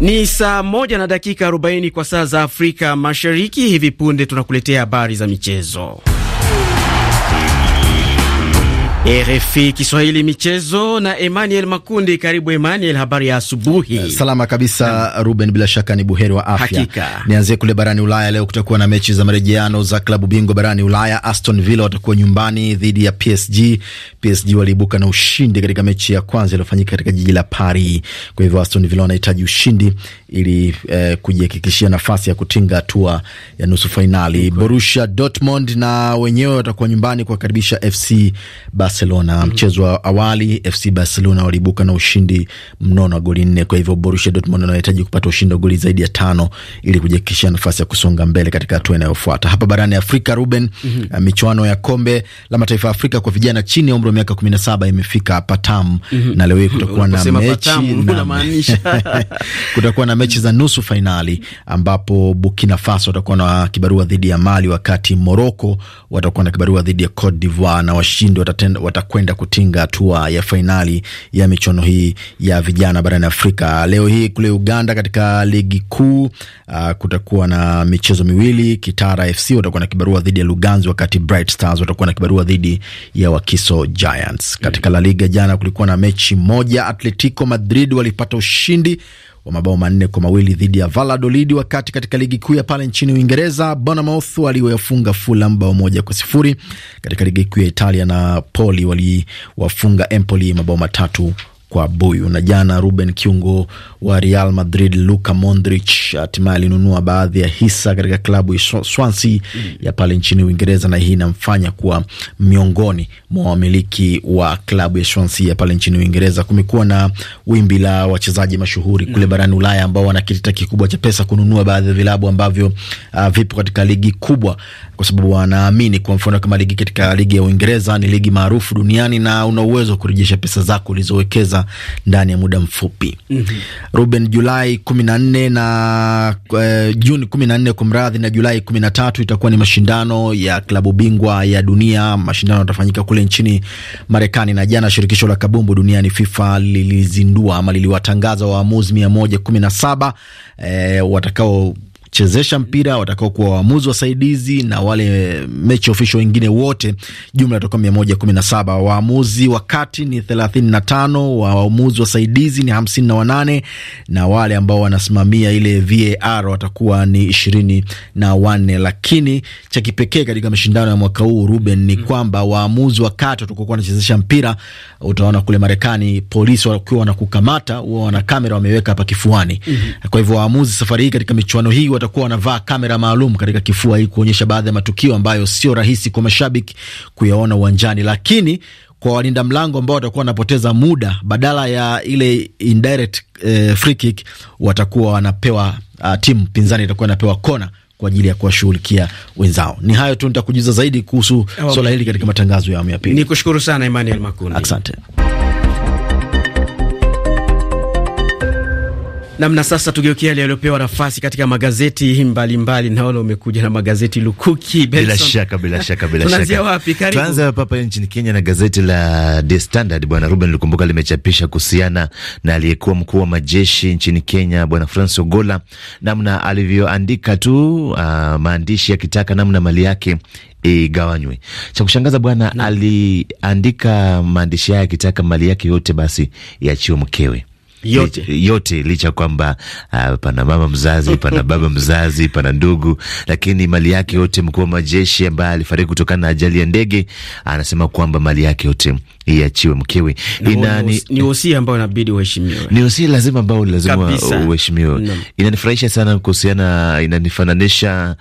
Ni saa moja na dakika 40 kwa saa za Afrika Mashariki. Hivi punde tunakuletea habari za michezo. RFI Kiswahili michezo na Emmanuel Makundi. Karibu Emmanuel, habari ya asubuhi. Eh, salama kabisa hmm. Ruben, bila shaka ni buheri wa afya. Hakika. Nianzie kule barani Ulaya. Leo kutakuwa na mechi za marejeano za klabu bingwa barani Ulaya. Aston Villa watakuwa nyumbani dhidi ya PSG. PSG waliibuka na ushindi katika mechi ya kwanza iliyofanyika katika jiji la Paris, kwa hivyo Aston Villa wanahitaji ushindi ili eh, kujihakikishia nafasi ya kutinga hatua ya nusu fainali. Borussia Dortmund na wenyewe watakuwa nyumbani kuwakaribisha FC Barcelona. Barcelona. mm -hmm. Mchezo wa awali FC Barcelona waliibuka na ushindi mnono wa goli nne. Kwa hivyo Borussia Dortmund anahitaji kupata ushindi wa goli zaidi ya tano ili kujihakikishia nafasi ya kusonga mbele katika hatua inayofuata. Hapa barani Afrika, Ruben, mm -hmm. michuano ya kombe la mataifa ya Afrika kwa vijana chini ya umri wa miaka kumi na saba imefika hapa Tamu mm -hmm. na leo hii kutakuwa na mechi na... kutakuwa na mechi za nusu fainali ambapo Burkina Faso watakuwa na kibarua dhidi ya Mali wakati Moroko watakuwa na kibarua dhidi ya Cote d'Ivoire na washindi watakwenda kutinga hatua ya fainali ya michuano hii ya vijana barani Afrika. Leo hii kule Uganda katika ligi kuu uh, kutakuwa na michezo miwili. Kitara FC watakuwa na kibarua dhidi ya Luganzi, wakati Bright Stars watakuwa na kibarua dhidi ya Wakiso Giants. Katika La Liga jana kulikuwa na mechi moja, Atletico Madrid walipata ushindi wa mabao manne kwa mawili dhidi ya Valladolid. Wakati katika ligi kuu ya pale nchini Uingereza, Bournemouth waliwafunga Fulham bao moja kwa sifuri. Katika ligi kuu ya Italia, Napoli waliwafunga Empoli mabao matatu kwa buyu. Na jana Ruben kiungo wa Real Madrid Luka Modric hatimaye alinunua baadhi ya hisa katika klabu ya Swansea mm. ya pale nchini Uingereza, na hii inamfanya kuwa miongoni mwa wamiliki wa klabu ya Swansea ya pale nchini Uingereza. Kumekuwa na wimbi la wachezaji mashuhuri mm. kule barani Ulaya ambao wana kitita kikubwa cha pesa kununua baadhi ya vilabu ambavyo uh, vipo katika ligi kubwa kwa sababu wanaamini kwa mfano kama ligi katika ligi ya Uingereza ni ligi maarufu duniani na una uwezo wa kurejesha pesa zako ulizowekeza ndani ya muda mfupi. mm -hmm. Ruben, Julai kumi na nne na eh, Juni kumi na nne kumradhi, na Julai kumi na tatu itakuwa ni mashindano ya klabu bingwa ya dunia. Mashindano yatafanyika kule nchini Marekani, na jana shirikisho la kabumbu duniani FIFA lilizindua ama liliwatangaza waamuzi mia moja kumi na saba eh, watakao kuchezesha mpira watakaokuwa waamuzi wasaidizi na wale mechi ofisho wengine wote, jumla watakuwa mia moja kumi na saba. Waamuzi wa kati ni thelathini na tano, waamuzi wasaidizi ni hamsini na wanane na wale ambao wanasimamia ile VAR watakuwa ni ishirini na wanne. Lakini cha kipekee katika mashindano ya mwaka huu Ruben ni mm. kwamba waamuzi wa kati watakokuwa wanachezesha mpira, utaona kule Marekani polisi wakiwa wanakukamata huwa wana kamera wameweka hapa kifuani. Mm -hmm. Kwa hivyo waamuzi safari hii katika michuano hii watakuwa wanavaa kamera maalum katika kifua hii kuonyesha baadhi ya matukio ambayo sio rahisi kwa mashabiki kuyaona uwanjani, lakini kwa walinda mlango ambao watakuwa wanapoteza muda badala ya ile indirect eh, free kick watakuwa wanapewa uh, ah, timu pinzani itakuwa inapewa kona kwa ajili ya kuwashughulikia wenzao. Ni hayo tu, nitakujuza zaidi kuhusu swala hili katika matangazo ya awamu ya pili. kushukuru sana Emmanuel Makundi, asante. Namna sasa, tugeukia yale yaliyopewa nafasi katika magazeti mbalimbali, mbali. naona umekuja na magazeti lukuki. Benson, bila shaka, bila shaka, bila shaka. Tunaanzia wapi? Karibu, tuanze hapa hapa nchini Kenya na gazeti la The Standard. Bwana Ruben likumbuka limechapisha kuhusiana na aliyekuwa mkuu wa majeshi nchini Kenya Bwana Francis Ogola, namna alivyoandika tu uh, maandishi yakitaka namna mali yake igawanywe. Cha kushangaza bwana, aliandika maandishi haya akitaka mali yake yote basi iachiwe mkewe yote, yote licha kwamba uh, pana mama mzazi, pana baba mzazi, pana ndugu, lakini mali yake yote. Mkuu wa majeshi ambaye alifariki kutokana na ajali ya ndege anasema kwamba mali yake yote iachiwe mkewe. Inani... ni wosia ambao inabidi uheshimiwe, ni wosia lazima ambao lazima uheshimiwe. No. Inanifurahisha sana kuhusiana, inanifananisha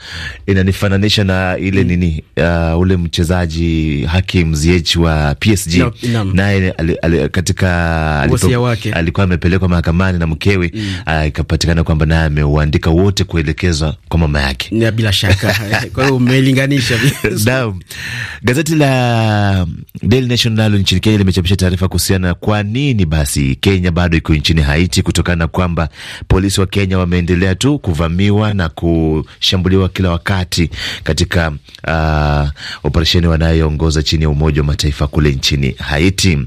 inanifananisha na ile mm. nini uh, ule mchezaji Hakim Ziyech wa PSG no, naye katika wosia wake alikuwa amepelekwa mahakamani na mkewe mm. uh, ikapatikana kwamba naye ameuandika wote kuelekezwa kwa mama yake na bila shaka kwa hiyo umelinganisha. Naam, gazeti la Daily Nation nalo nchini kenya limechapisha taarifa kuhusiana na kwa nini basi Kenya bado iko nchini Haiti, kutokana na kwamba polisi wa Kenya wameendelea tu kuvamiwa na kushambuliwa kila wakati katika uh, operesheni wanayoongoza chini ya Umoja wa Mataifa kule nchini Haiti.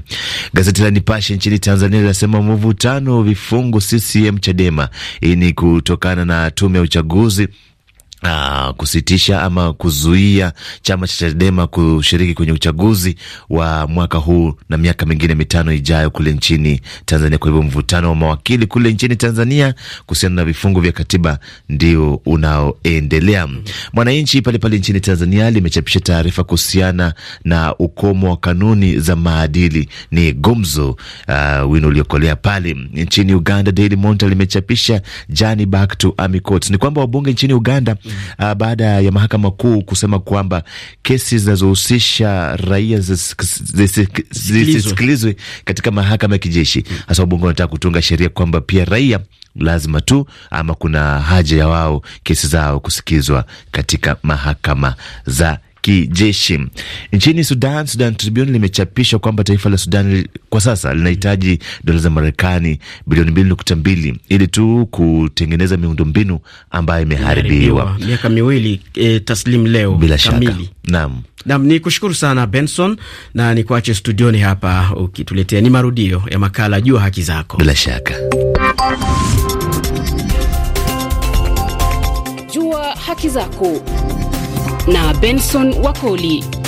Gazeti la Nipashe nchini Tanzania linasema mvutano vifungu CCM Chadema. Hii ni kutokana na tume ya uchaguzi Aa, ah, kusitisha ama kuzuia chama cha Chadema kushiriki kwenye uchaguzi wa mwaka huu na miaka mingine mitano ijayo kule nchini Tanzania. Kwa hivyo mvutano wa mawakili kule nchini Tanzania kuhusiana na vifungu vya katiba ndio unaoendelea. Mwananchi pale pale nchini Tanzania limechapisha taarifa kuhusiana na ukomo wa kanuni za maadili, ni gumzo uh, wino uliokolea pale. Nchini Uganda Daily Monitor limechapisha jani back to army courts, ni kwamba wabunge nchini Uganda uh, baada ya mahakama kuu kusema kwamba kesi zinazohusisha raia zisisikilizwe katika mahakama ya kijeshi hasa. ubunge wanataka kutunga sheria kwamba pia raia lazima tu ama kuna haja ya wao kesi zao kusikizwa katika mahakama za kijeshi. Nchini Sudan, Sudan Tribune limechapisha kwamba taifa la Sudan kwa sasa linahitaji dola za Marekani bilioni mbili nukta mbili ili tu kutengeneza miundo mbinu ambayo imeharibiwa miaka miwili e, taslim leo bila kamili shaka. Naam. Nam ni kushukuru sana Benson na ni kuache studioni hapa ukituletea ni marudio ya makala Jua Haki Zako. Bila shaka Jua Haki Zako na Benson Wakoli.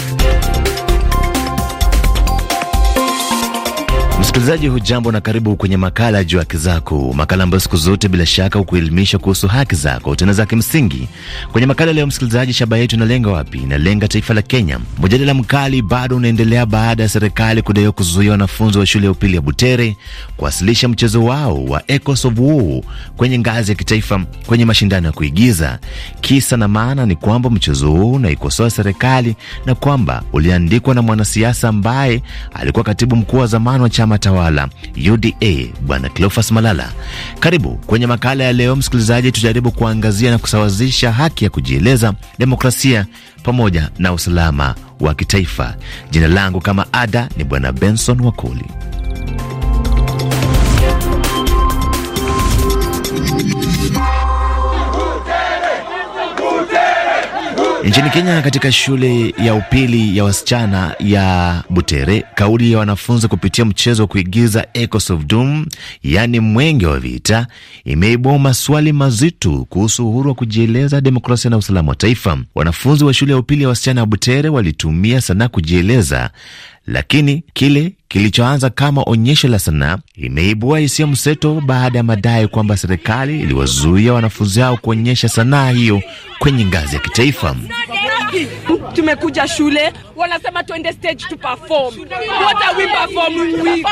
Msikilizaji hujambo na karibu kwenye makala juu haki zako, makala ambayo siku zote bila shaka hukuelimisha kuhusu haki zako tena za kimsingi. Kwenye makala leo, msikilizaji, shabaha yetu inalenga wapi? Inalenga taifa la Kenya. Mjadala mkali bado unaendelea baada ya serikali kudaiwa kuzuia wanafunzi wa shule ya upili ya Butere kuwasilisha mchezo wao wa Echoes of War kwenye ngazi ya kitaifa kwenye mashindano ya kuigiza. Kisa na maana ni kwamba mchezo huu unaikosoa serikali na kwamba uliandikwa na mwanasiasa ambaye alikuwa katibu mkuu wa zamani wa chama tawala UDA Bwana Cleofas Malala. Karibu kwenye makala ya leo, msikilizaji, tujaribu kuangazia na kusawazisha haki ya kujieleza, demokrasia pamoja na usalama wa kitaifa. Jina langu kama ada ni Bwana Benson Wakoli. Nchini Kenya, katika shule ya upili ya wasichana ya Butere, kauli ya wanafunzi kupitia mchezo wa kuigiza Echoes of Doom, yaani mwenge wa vita, imeibua maswali mazito kuhusu uhuru wa kujieleza, demokrasia na usalama wa taifa. Wanafunzi wa shule ya upili ya wasichana ya Butere walitumia sanaa kujieleza lakini kile kilichoanza kama onyesho la sanaa imeibua hisia mseto baada ya madai kwamba serikali iliwazuia wanafunzi hao kuonyesha sanaa hiyo kwenye ngazi ya kitaifa. Tumekuja shule, wanasema tuende stage to perform. What are we performing we?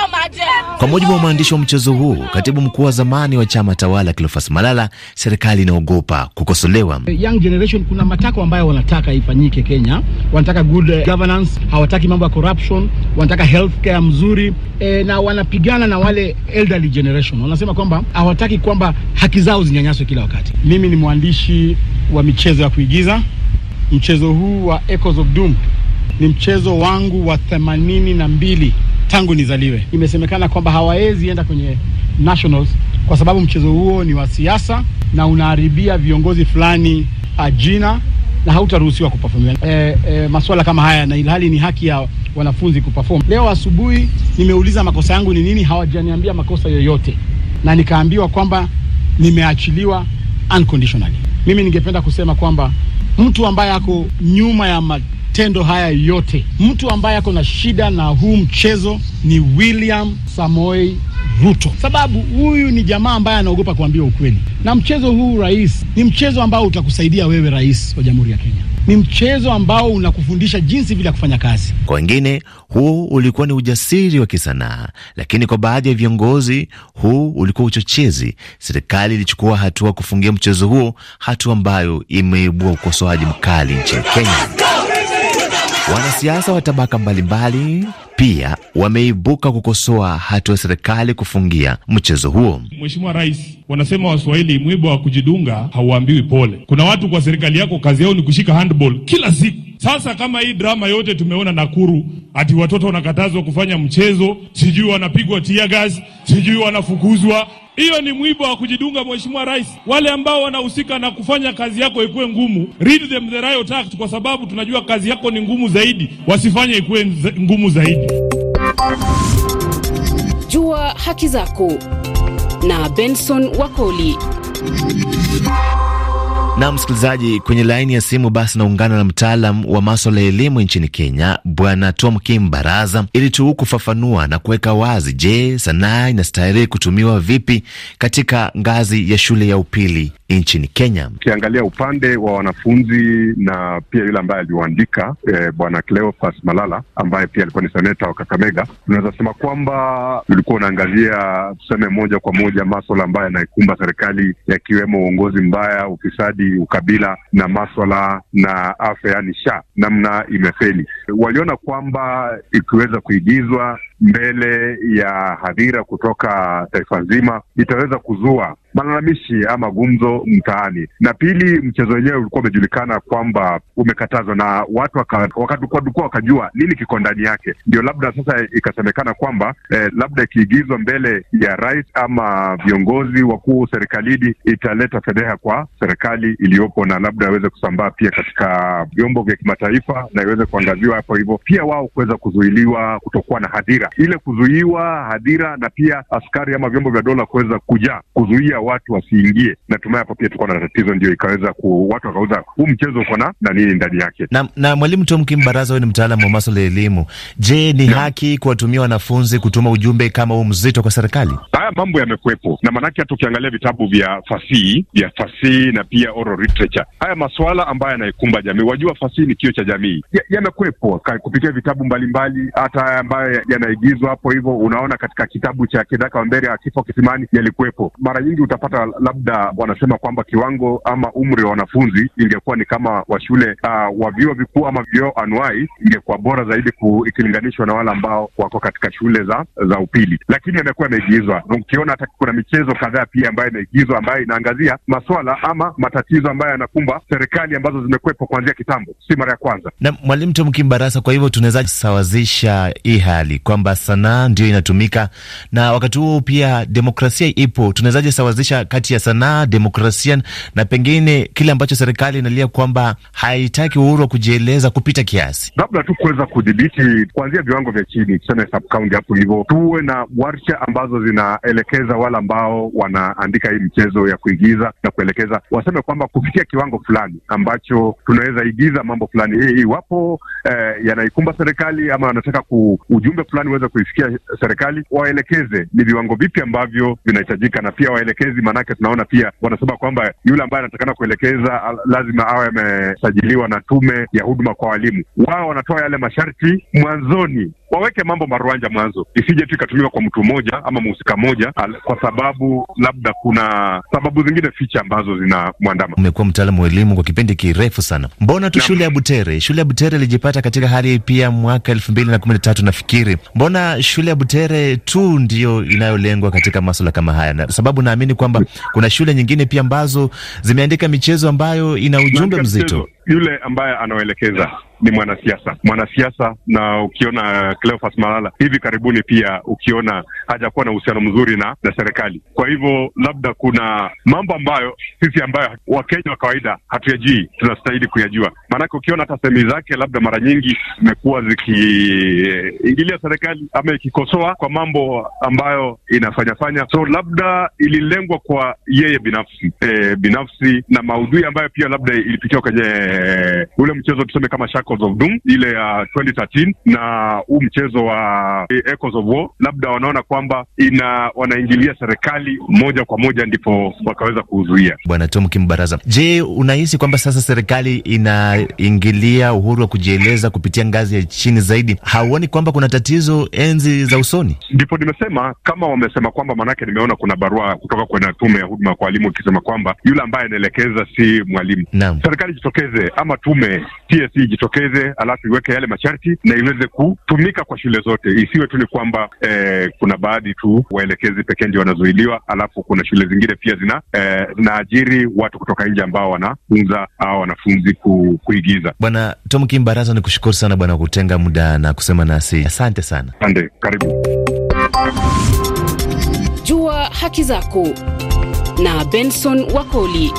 Kwa mujibu wa mwandishi wa mchezo huu, katibu mkuu wa zamani wa chama tawala Cleophas Malala, serikali inaogopa kukosolewa. Young generation, kuna matako ambayo wanataka ifanyike Kenya. Wanataka good eh, governance, hawataki mambo ya corruption, wanataka healthcare mzuri e, na wanapigana na wale elderly generation. Wanasema kwamba hawataki kwamba haki zao zinyanyaswe kila wakati. Mimi ni mwandishi wa michezo ya kuigiza. Mchezo huu wa Echoes of Doom ni mchezo wangu wa themanini na mbili tangu nizaliwe. Imesemekana kwamba hawawezi enda kwenye nationals kwa sababu mchezo huo ni wa siasa na unaharibia viongozi fulani ajina uh, na hautaruhusiwa kuperform eh, e, eh, masuala kama haya, na ilhali ni haki ya wanafunzi kuperform. Leo asubuhi nimeuliza makosa yangu ni nini, hawajaniambia makosa yoyote, na nikaambiwa kwamba nimeachiliwa unconditionally. Mimi ningependa kusema kwamba mtu ambaye ako nyuma ya matendo haya yote, mtu ambaye ako na shida na huu mchezo ni William Samoei Ruto, sababu huyu ni jamaa ambaye anaogopa kuambia ukweli, na mchezo huu rais, ni mchezo ambao utakusaidia wewe rais wa Jamhuri ya Kenya ni mchezo ambao unakufundisha jinsi vile ya kufanya kazi. Kwa wengine huu ulikuwa ni ujasiri wa kisanaa, lakini kwa baadhi ya viongozi huu ulikuwa uchochezi. Serikali ilichukua hatua kufungia mchezo huo, hatua ambayo imeibua ukosoaji mkali nchini Kenya. Wanasiasa wa tabaka mbalimbali pia wameibuka kukosoa hatua ya serikali kufungia mchezo huo. Mheshimiwa Rais, wanasema Waswahili, mwiba wa kujidunga hauambiwi pole. Kuna watu kwa serikali yako kazi yao ni kushika handball kila siku. Sasa kama hii drama yote tumeona Nakuru, ati watoto wanakatazwa kufanya mchezo, sijui wanapigwa tear gas, sijui wanafukuzwa hiyo ni mwiba wa kujidunga, Mheshimiwa Rais. Wale ambao wanahusika na kufanya kazi yako ikuwe ngumu, read them the riot act, kwa sababu tunajua kazi yako ni ngumu zaidi, wasifanye ikuwe ngumu zaidi. Jua haki zako na Benson Wakoli. Na msikilizaji kwenye laini ya simu, basi naungana na mtaalam wa maswala ya elimu nchini Kenya, Bwana Tom Kim Baraza, ili tu kufafanua na kuweka wazi, je, sanaa inastahili kutumiwa vipi katika ngazi ya shule ya upili nchini Kenya. Ukiangalia upande wa wanafunzi na pia yule ambaye aliyoandika e, eh, bwana Cleophas Malala ambaye pia alikuwa ni seneta wa Kakamega, unaweza sema kwamba ulikuwa unaangazia tuseme, moja kwa moja maswala ambayo yanaikumba serikali yakiwemo uongozi mbaya, ufisadi, ukabila na maswala na afya, yani sha namna imefeli. Waliona kwamba ikiweza kuigizwa mbele ya hadhira kutoka taifa nzima itaweza kuzua malalamishi ama gumzo mtaani, na pili, mchezo wenyewe ulikuwa umejulikana kwamba umekatazwa na watu wakadukua wakajua nini kiko ndani yake. Ndio labda sasa ikasemekana kwamba eh, labda ikiigizwa mbele ya rais ama viongozi wakuu serikalini italeta fedheha kwa serikali iliyopo, na labda aweze kusambaa pia katika vyombo vya kimataifa na iweze kuangaziwa hapo, hivyo pia wao kuweza kuzuiliwa kutokuwa na hadhira ile, kuzuiwa hadhira na pia askari ama vyombo vya dola kuweza kujaa kuzuia watu wasiingie, natumai hapo pia tuko na tatizo, ndio ikaweza ku watu wakauza huu mchezo uko na na nini ndani yake. Na, na Mwalimu Tom Kimbaraza, huyu ni mtaalamu wa masuala ya elimu, je, ni na haki kuwatumia wanafunzi kutuma ujumbe kama huu mzito kwa serikali? Haya mambo yamekuwepo na maanake, hata ukiangalia vitabu vya fasihi vya fasihi na pia oral literature, haya maswala ambayo yanaikumba jamii, wajua fasihi ni kio cha jamii, yamekuwepo ya kupitia vitabu mbalimbali, hata ambayo yanaigizwa hapo hivyo. Unaona katika kitabu cha Kidaka Mbere ya Kifo Kisimani yalikuwepo mara nyingi utapata labda wanasema kwamba kiwango ama umri wa wanafunzi ingekuwa ni kama wa shule uh, wa vyuo vikuu ama vyuo anuai ingekuwa bora zaidi ikilinganishwa na wale ambao wako katika shule za za upili, lakini amekuwa ameigizwa Ukiona hata kuna michezo kadhaa pia ambayo imeigizwa ambayo inaangazia maswala ama matatizo ambayo yanakumba serikali ambazo zimekwepo kuanzia kitambo, si mara ya kwanza. Na Mwalimu Tom Barasa, kwa hivyo tunaweza sawazisha hii hali kwamba sanaa ndio inatumika na wakati huo pia demokrasia ipo, tunawezaje sawazisha kuanzisha kati ya sanaa, demokrasia na pengine kile ambacho serikali inalia kwamba haitaki uhuru wa kujieleza kupita kiasi, labda tu kuweza kudhibiti kuanzia viwango vya chini, tuseme sub county hapo hivyo, tuwe na warsha ambazo zinaelekeza wale ambao wanaandika hii michezo ya kuigiza na kuelekeza, waseme kwamba kufikia kiwango fulani ambacho tunaweza igiza mambo fulani hii iwapo eh, yanaikumba serikali ama wanataka ku, ujumbe fulani uweze kuifikia serikali, waelekeze ni viwango vipi ambavyo vinahitajika, na pia waelekeze hawapendezi, maanake tunaona pia wanasema kwamba yule ambaye anatakana kuelekeza lazima awe amesajiliwa na tume ya huduma kwa walimu. Wao wanatoa yale masharti mwanzoni, waweke mambo maruanja mwanzo, isije tu ikatumiwa kwa mtu mmoja ama mhusika mmoja, kwa sababu labda kuna sababu zingine ficha ambazo zinamwandama. Umekuwa mtaalamu wa elimu kwa kipindi kirefu sana, mbona tu na shule ya Butere, shule ya Butere ilijipata katika hali pia mwaka elfu mbili na kumi na tatu nafikiri. Mbona shule ya Butere tu ndiyo inayolengwa katika maswala kama haya? Na sababu naamini kwamba kuna shule nyingine pia ambazo zimeandika michezo ambayo ina ujumbe mzito. Yule ambaye anaoelekeza ni mwanasiasa, mwanasiasa. Na ukiona Cleophas Malala hivi karibuni, pia ukiona hajakuwa na uhusiano mzuri na, na serikali. Kwa hivyo labda kuna mambo ambayo sisi ambayo Wakenya wa kawaida hatuyajui tunastahili kuyajua, maanake ukiona hata semi zake labda mara nyingi zimekuwa zikiingilia serikali ama ikikosoa kwa mambo ambayo inafanyafanya, so labda ililengwa kwa yeye binafsi e, binafsi na maudhui ambayo pia labda ilipitiwa kwenye eh, ule mchezo tuseme kama shako Echoes of Doom ile ya 2013 na huu mchezo wa Echoes of War, labda wanaona kwamba ina wanaingilia serikali moja kwa moja, ndipo wakaweza kuzuia. Bwana Tom Kimbaraza, je, unahisi kwamba sasa serikali inaingilia uhuru wa kujieleza kupitia ngazi ya chini zaidi? Hauoni kwamba kuna tatizo enzi za usoni? Ndipo nimesema kama wamesema kwamba, maanake nimeona kuna barua kutoka kwenye tume ya huduma kwa walimu ikisema kwamba yule ambaye anaelekeza si mwalimu. Naam, serikali jitokeze ama tume TSC e jitokeze ijitokeze, alafu iweke yale masharti na iweze kutumika kwa shule zote, isiwe tu ni kwamba eh, kuna baadhi tu waelekezi pekee ndio wanazuiliwa, alafu kuna shule zingine pia zina eh, zinaajiri watu kutoka nje ambao wanafunza au wanafunzi ku, kuigiza. Bwana Tom kimbaraza Baraza, ni kushukuru sana bwana kutenga muda na kusema nasi, asante sana. Asante, karibu Jua Haki Zako na Benson Wakoli.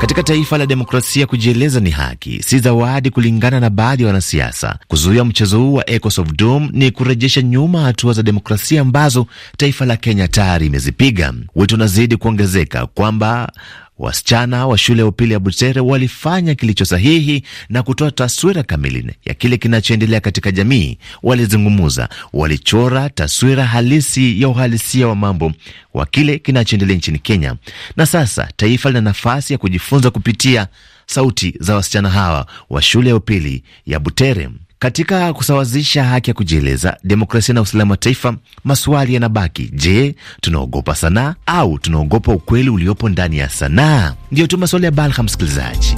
Katika taifa la demokrasia, kujieleza ni haki, si zawadi. Kulingana na baadhi ya wanasiasa, kuzuia mchezo huu wa Echoes of Doom ni kurejesha nyuma hatua za demokrasia ambazo taifa la Kenya tayari imezipiga. Wito unazidi kuongezeka kwamba Wasichana wa shule ya upili ya Butere walifanya kilicho sahihi na kutoa taswira kamili ya kile kinachoendelea katika jamii. Walizungumuza, walichora taswira halisi ya uhalisia wa mambo wa kile kinachoendelea nchini Kenya, na sasa taifa lina nafasi ya kujifunza kupitia sauti za wasichana hawa wa shule ya upili ya Butere. Katika kusawazisha haki ya kujieleza, demokrasia na usalama wa taifa, maswali yanabaki: je, tunaogopa sanaa au tunaogopa ukweli uliopo ndani ya sanaa? Ndiyo tu maswali ya balha, msikilizaji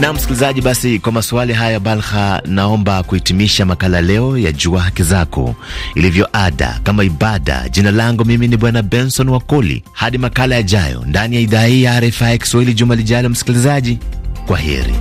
na msikilizaji, basi kwa maswali haya balha, naomba kuhitimisha makala leo ya Jua Haki Zako ilivyo ada kama ibada. Jina langu mimi ni Bwana Benson Wakoli. Hadi makala yajayo ndani ya idhaa hii ya RFI Kiswahili juma lijalo, msikilizaji, kwa heri.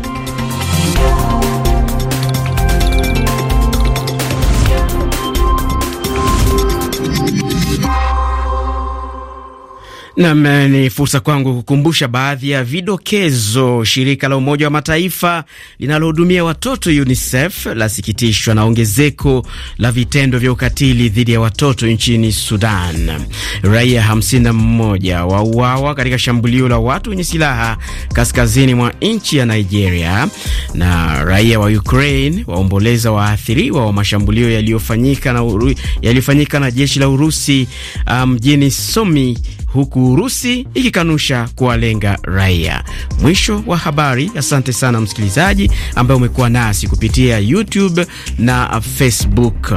Nam, ni fursa kwangu kukumbusha baadhi ya vidokezo. Shirika la Umoja wa Mataifa linalohudumia watoto UNICEF lasikitishwa na ongezeko la vitendo vya ukatili dhidi ya watoto nchini Sudan. Raia 51 wauawa katika shambulio la watu wenye silaha kaskazini mwa nchi ya Nigeria, na raia wa Ukraine waomboleza waathiriwa wa mashambulio yaliyofanyika na, yaliyofanyika na jeshi la Urusi ah, mjini um, Sumi huku Urusi ikikanusha kuwalenga raia. Mwisho wa habari. Asante sana msikilizaji ambaye umekuwa nasi kupitia YouTube na Facebook.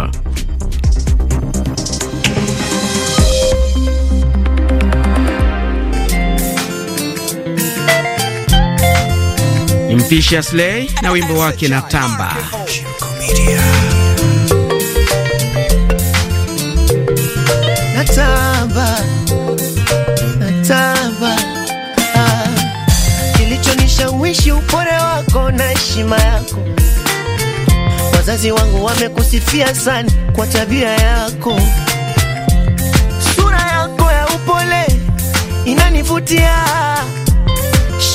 Mpisha Slay na wimbo wake na tamba tamba. na heshima yako. Wazazi wangu wamekusifia sana kwa tabia yako, sura yako ya upole inanivutia,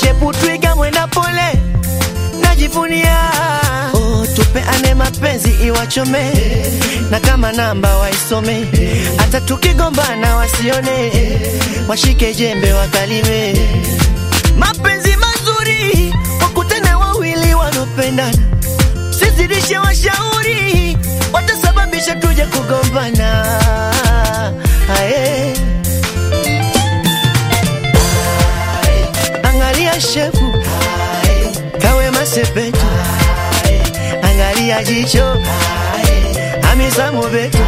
shepu twiga mwenda pole najivunia. Oh, tupeane mapenzi iwachome, hey. na kama namba waisome, hata hey. tukigombana wasione, hey. washike jembe wakalime, hey. mapenzi mazuri tunapendana, sizidishe washauri, watasababisha tuje kugombana. Ae, angalia shepu, kawe masepetu, angalia jicho Hamisa mubetu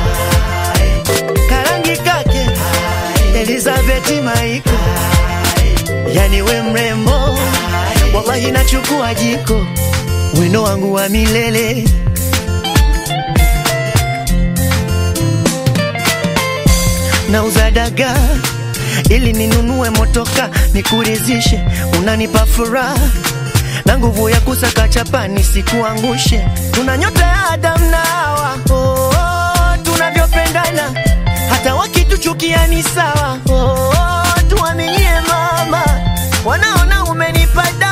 karangi kake Elizabeti Maiko, yani we mrembo, wallahi nachukua jiko wino wangu wa milele nauza daga ili ninunue motoka nikurizishe, unanipa furaha na nguvu ya kusaka chapa nisikuangushe. Tuna nyota ya Adam na Hawa, oh, oh, tunavyopendana hata wakituchukia ni sawa. Oh, oh, tuaminie mama, wanaona umenipada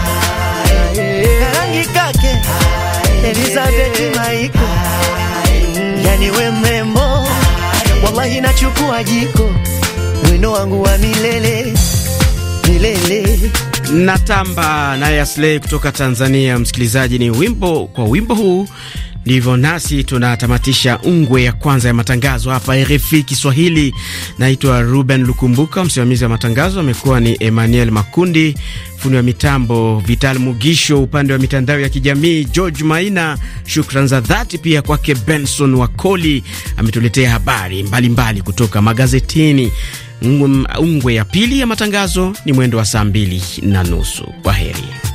Elizabeth Maiko, yani we mrembo, wallahi nachukua jiko, wino wangu wa milele milele natamba naye Aslei kutoka Tanzania. Msikilizaji, ni wimbo kwa wimbo huu ndivyo nasi tunatamatisha ungwe ya kwanza ya matangazo hapa RFI Kiswahili. Naitwa Ruben Lukumbuka, msimamizi wa matangazo amekuwa ni Emmanuel Makundi, fundi wa mitambo Vital Mugisho, upande wa mitandao ya kijamii George Maina. Shukran za dhati pia kwake Benson Wakoli, ametuletea habari mbalimbali mbali kutoka magazetini. Ungwe ya pili ya matangazo ni mwendo wa saa mbili na nusu. Kwa heri.